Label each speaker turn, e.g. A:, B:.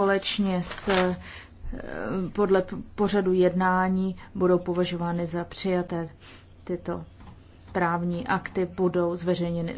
A: společně s eh, podle pořadu jednání budou považovány za přijaté. Tyto právní akty budou zveřejněny